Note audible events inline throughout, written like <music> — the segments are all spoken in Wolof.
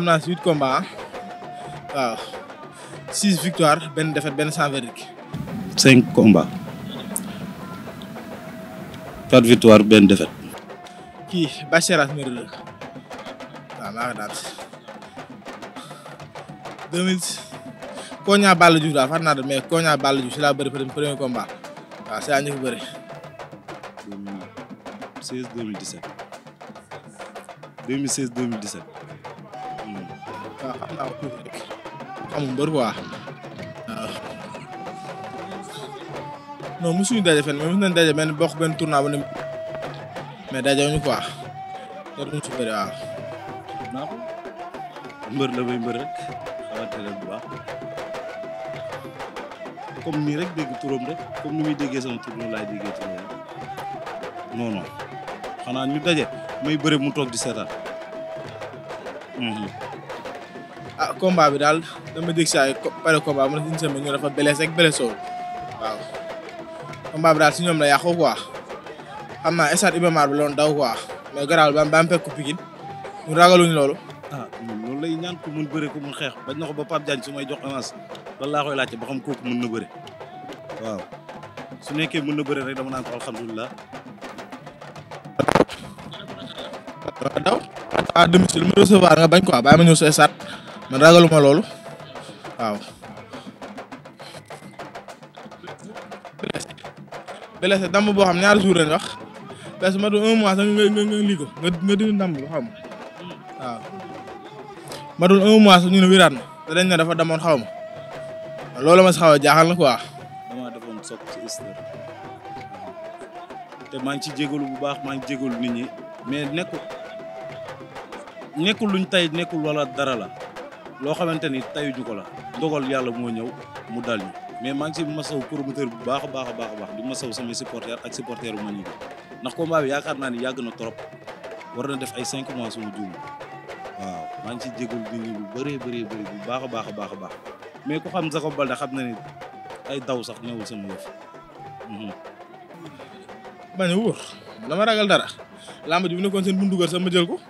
am naa si huit combats waaw six victoires benn défaite benn sans verdict. cinq combats quatre deux mille Koña Balla Diouf daal far naa de mais premier combat waaw si laa ñu ko waaw waaw xamul mbër quoi waaw. non mosuñu daje fenn mais mosu nañ daje benn bokk benn tournoi bu ne mais daje wu ñu quoi loolu mosu bëri waaw. naa mbër la bay mbër rek xamante ne bu baax comme nii rek dégg turam rek comme ni muy déggee sama tur laay déggee turam rek non non daje may bëre mu toog di seetaan. ah combat bi daal dama dégg saa yi pare combat waaw combat bi daal si ñoom la yàqu quoi xam naa stade Iba Mar bi loon daw quoi mais garaawul ba am ba am fekk Pikine ñu ragaluñ loolu. ah loolu lay ñaan ko mun bëre ko mun xeex bañ na ko ba Pape Diagne su may jox avance loolu laa ba xam kooku mun na bëre waaw su mun na bëre rek dama naan ko alhamdulilah. daw à domicile mu recevoir nga bañ quoi bàyyi ma ñëw sa stade. man ragaluma loolu waaw. blessé damb boo xam ñaari jours lañ wax blessé ma du un mois sax nga nga nga lii ko nga nga dindi damb lu xaw ma waaw ma dul un mois sax ñu ne wiraat na te dañ ne dafa damoon xaw ma loolu ma a jaaxal na quoi. maa ngi ci jégalu bu baax maa ngi jégalu nit ñi mais nekkul luñ tey nekkul wala dara la. loo xamante ni tayuñu ko la ndogal yàlla moo ñëw mu dal ñu mais maa ngi si masaw promoteur bu baax a baax a baax a baax di masaw samay supporter ak supporter bu ma ñu ndax combat bi yaakaar naa ni yàgg na trop war na def ay cinq mois suma juum waaw maa ngi si jégalu nit ñi bu bëree bëree bu baax a baax baax a baax mais ku xam Jacob Baldé xam na ni ay daw sax ñëwul sama yëf mhm. bañ a wóor dama ragal dara làmb ji bu nekkoon seen bundugar sax ma jël ko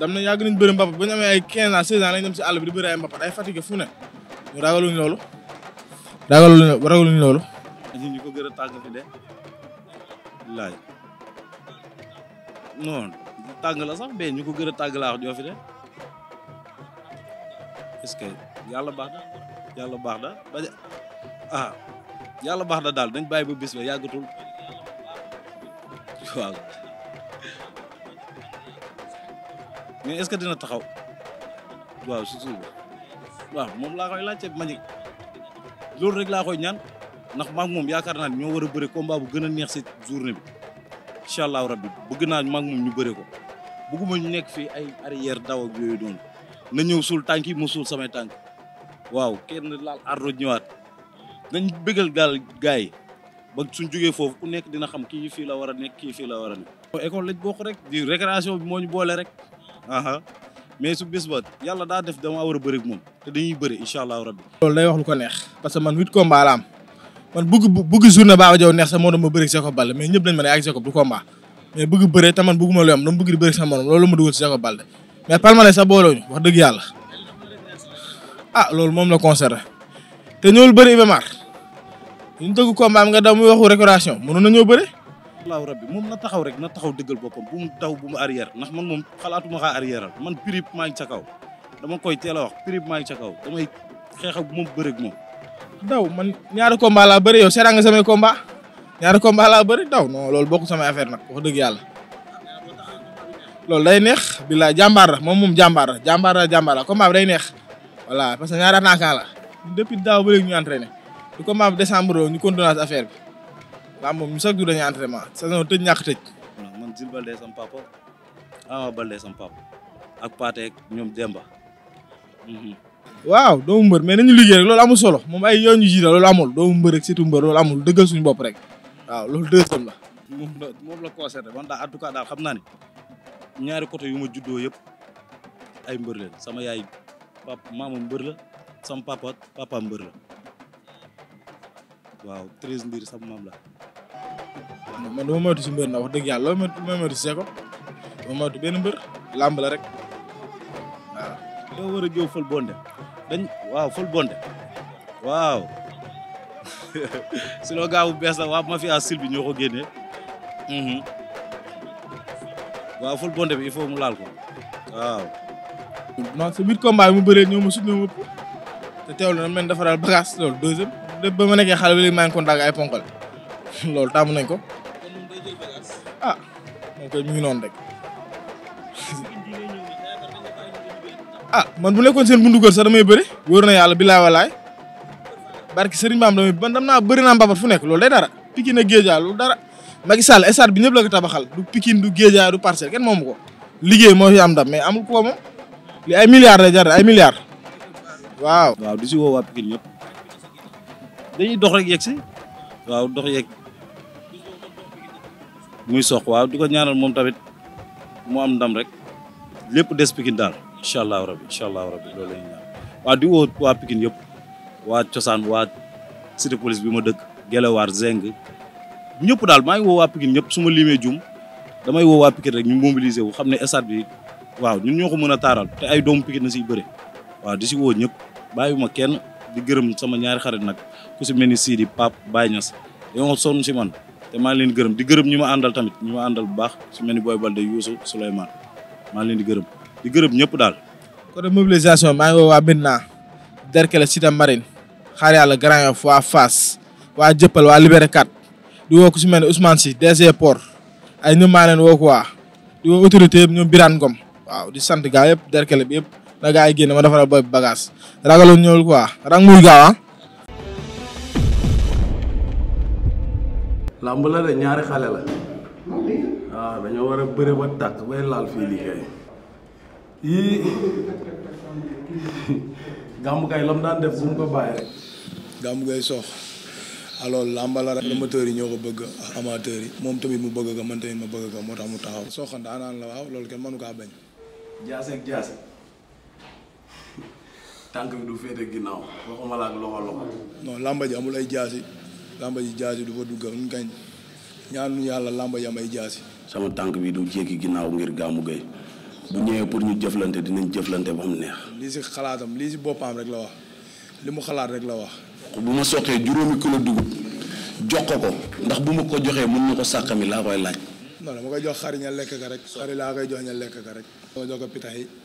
dam na yàgg nañ bëri mbapat ba ñu amee ay 15 ans 16 ans lañ dem si àll bi di bëri ay mbapat ay fatigué fu ne ñu ragaluñ ñu ko gën a tàng fi de laaj non la sax mais ñu ko gën a tàng laa wax ñoo fi de est-ce que yàlla baax na yàlla baax na ba ah yàlla baax na daal dañ bàyyi ba yàggatul mais est-ce que dina taxaw waaw si suuf moom laa koy laajte Mbagnick loolu rek laa koy ñaan ndax maak moom yaakaar naa ñoo war a bëri combat bu gën a neex si journée bi incha allahu rabbi bëgg naa maak moom ñu bëri ko bëgguma ñu nekk fii ay arrière daw ak yooyu noonu na ñëw suul tànk yi mu suul samay tànk waaw kenn laal ardo ñëwaat nañ bëggal gaal gars yi ba suñ jógee foofu ku nekk dina xam kii fii la war a nekk kii fii la war a nekk. école lañ bokk rek di récréation bi moo ñu boole rek. mais su bis ba yàlla daa def dama war a bëri moom te dañuy bëri incha allahu rabbi loolu day wax lu ko neex parce que man huit combat la am man bëgg bëgg journée Baba Diaw neex sax moo doon ma bëri ak Jacob Baldé mais ñëpp dañ ma ne ak Jacob du combat mais bëgg bëree te man bëgguma lu am dama bëgg di bëri sax morom loolu ma dugal si Jacob Baldé mais palmarès sax booloo wax dëgg yàlla ah loolu moom la concerné te ñëwul bëri Ibamar ñu dëgg combat am nga daw muy waxu récréation mënoon bëri allahu rabbi moom na taxaw rek na taxaw dëggal boppam bu mu daw bu mu nax ndax man moom xalaatuma ma arrière al man prib maa ngi kaw dama koy teel a wax prib maa ngi ca kaw damay xeex ak moom bëreeg moom daw man ñaar combat laa bëri yow seeraa nga samay combat ñaari combat laa bëri daw non loolu bokk samay affaire nag wax dëgg yàlla loolu day neex billaay jàmbaar la moom moom jàmbaar la jàmbaar la jàmbaar day neex voilà parce que ñaari attaquant la depuis daaw ba léegi ñu entraîné du combat bi décembre ñu continué affaire bi laa moom ñu chaque jour dañuy entraînement saison tëj ñàkk man Zil Balde sam papa Ama Balde sam papa ak Paate ñoom Demba. Mhm. waaw doomu mbër mais nañu liggéey rek loolu amul solo moom ay yoon yu jiite loolu amul doomu mbër rek surtout mbër loolu amul dëggal suñu bopp rek waaw loolu deuxième la. moom la moom la concerné man daal en tout cas daal xam naa ñaari côté yu ma juddoo yëpp mbër leen sama yaay papa maama mbër la sama papa papa mbër la waaw treize mbir sama maam la. man du ma moytu si mbër na wax dëgg yàlla loo ma moytu si Seko du ma moytu benn mbër làmb la rek waaw. war a jëw fël bonde waaw fël bonde waaw <laughs> si loo gaaw bu bees la waa mafia sil bi ñoo ko génnee mhm. waaw ful bonde bi il faut mu laal ko waaw. non sa huit combat mu bëree ñoo ma sut ñoo ma ëpp te teewlu na mel ni dafa daal loolu deuxième lépp ma nekkee xale bi léegi maa ngi kontaan <laughs> loolu taamu nañ ko. ah koy noonu rek ah man bu nekkoon seen bundu kër sax damay bëri wóor na yàlla bilaay walaay barki sëriñ maam damay man dam naa bëri naa mbabat fu nekk loolu day dara Pikine ak Géejawaay loolu dara Macky Sall stade bi ñëpp la ko tabaxal du Pikine du Géejawaay du Parcelles kenn moomu ko liggéey moo fi am ndam mais amul ko moom li ay milliards lay jar ay milliards waaw waaw di si woo waa Pikine ñëpp dox rek dox yegg muy sox waaw di ko ñaanal moom tamit mu am ndam rek lépp des Pikine daal incha allahu rabi incha allahu rabi loolu la ñaan waaw di woo waa Pikine yëpp waa cosaan waa cité police bi ma dëkk Gelewaar Zeng ñëpp daal maa ngi woo waa Pikine ñëpp su ma limee jum damay woo waa Pikine rek ñu mobiliser wu xam ne stade bi waaw ñun ñoo ko mën a taaral te ay doomu Pikine na siy bëre waaw di si woo ñëpp bàyyiwuma kenn di gërëm sama ñaari xarit nag ku si mel ni Sidi Pape te maa ngi leen di gërëm di gërëm ñi ma àndal tamit ñi ma àndal bu baax su mel ni Boy Balde maa ngi leen di gërëm di gërëm ñëpp daal. côté mobilisation maa ngi woo waa Médina Derklé Cité Marine xaar yàlla Grand Yoff waa Fass waa Jëppal waa Liberté 4 di woo ku si mel ne Ousmane Sy DG Port ay ñoom maa leen woo ko waa di woo autorité yëpp ñoom Ngom waaw di sant gaa yëpp Derklé bi yëpp na gaa yi génn ma defaral boy bagage ragaloon ñëwul quoi rang muy gaaw ah. làmb la de ñaari xale la waaw ah, dañoo war a bëre ba tàkk bay laal fii liggéey yii gàmmu <laughs> kay lam daan def bu mu ko bàyyi rek gàmmu sox alors làmba la rek amateurs yi ñoo ko bëgg amateurs yi moom tamit mu bëgg ko man tamit ma bëgg ko moo tax mu taxaw sox ndaanaan la waaw loolu kenn mënu kaa bañ jaase ak jaase tànk bi du féete ginnaaw waxuma la ak loxo loxo non làmba ji amul ay jaasi lamba yi jaasi du fa dugga nun kañ ñaanu yàlla lamba yi am ay jaasi sama tànk bi du jékki ginnaaw ngir gàmmu gay bu ñëwee pour ñu jëflante dinañ jëflante ba mu neex lii si xalaatam lii si boppam rek la wax li mu xalaat rek la wax bu ma soqee juróomi kilo dugub jox ko ko ndax bu ma ko joxee mën na ko sàqami laa koy laaj non dama koy jox xari lekk ka rek xari laa koy jox ña lekk ka rek dama jox ko pitax